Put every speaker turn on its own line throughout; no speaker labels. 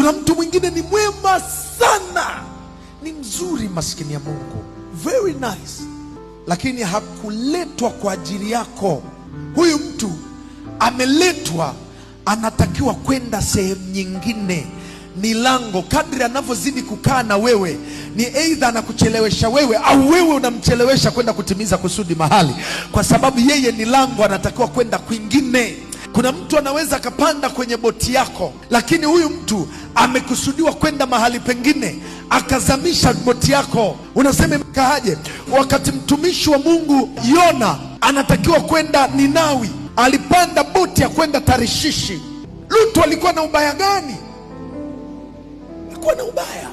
Kuna mtu mwingine ni mwema sana, ni mzuri, maskini ya Mungu, very nice, lakini hakuletwa kwa ajili yako. Huyu mtu ameletwa, anatakiwa kwenda sehemu nyingine ni lango. Kadri anavyozidi kukaa na wewe, ni aidha anakuchelewesha wewe au wewe unamchelewesha kwenda kutimiza kusudi mahali, kwa sababu yeye ni lango, anatakiwa kwenda kwingine. Kuna mtu anaweza akapanda kwenye boti yako, lakini huyu mtu amekusudiwa kwenda mahali pengine, akazamisha boti yako. Unasema imekaaje? Wakati mtumishi wa Mungu Yona anatakiwa kwenda Ninawi, alipanda boti ya kwenda Tarishishi. Lutu alikuwa na ubaya gani? Alikuwa na ubaya,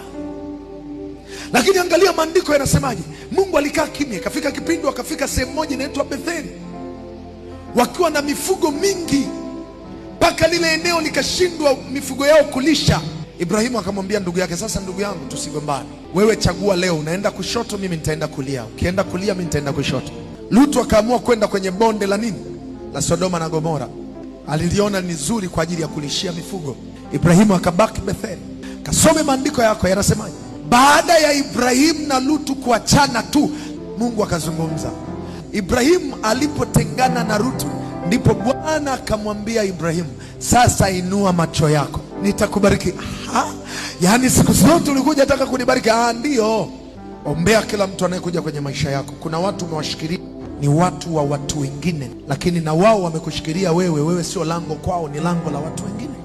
lakini angalia maandiko yanasemaje. Mungu alikaa kimya, ikafika kipindi wakafika sehemu moja inaitwa Betheli wakiwa na mifugo mingi mpaka lile eneo likashindwa mifugo yao kulisha. Ibrahimu akamwambia ndugu yake, sasa ndugu yangu, tusigombane, wewe chagua leo, unaenda kushoto, mimi nitaenda kulia, ukienda kulia, mimi nitaenda kushoto. Lutu akaamua kwenda kwenye bonde la nini, la Sodoma na Gomora, aliliona ni zuri kwa ajili ya kulishia mifugo. Ibrahimu akabaki Betheli. Kasome maandiko yako yanasemaje? Baada ya Ibrahimu na Lutu kuachana tu, Mungu akazungumza. Ibrahimu alipotengana na Lutu Ndipo Bwana akamwambia Ibrahimu, sasa inua macho yako nitakubariki. Yaani siku zote ulikuja taka kunibariki? Ah, ndiyo. Ombea kila mtu anayekuja kwenye maisha yako. Kuna watu umewashikilia ni watu wa watu wengine, lakini na wao wamekushikilia wewe. Wewe sio lango kwao, ni lango la watu wengine.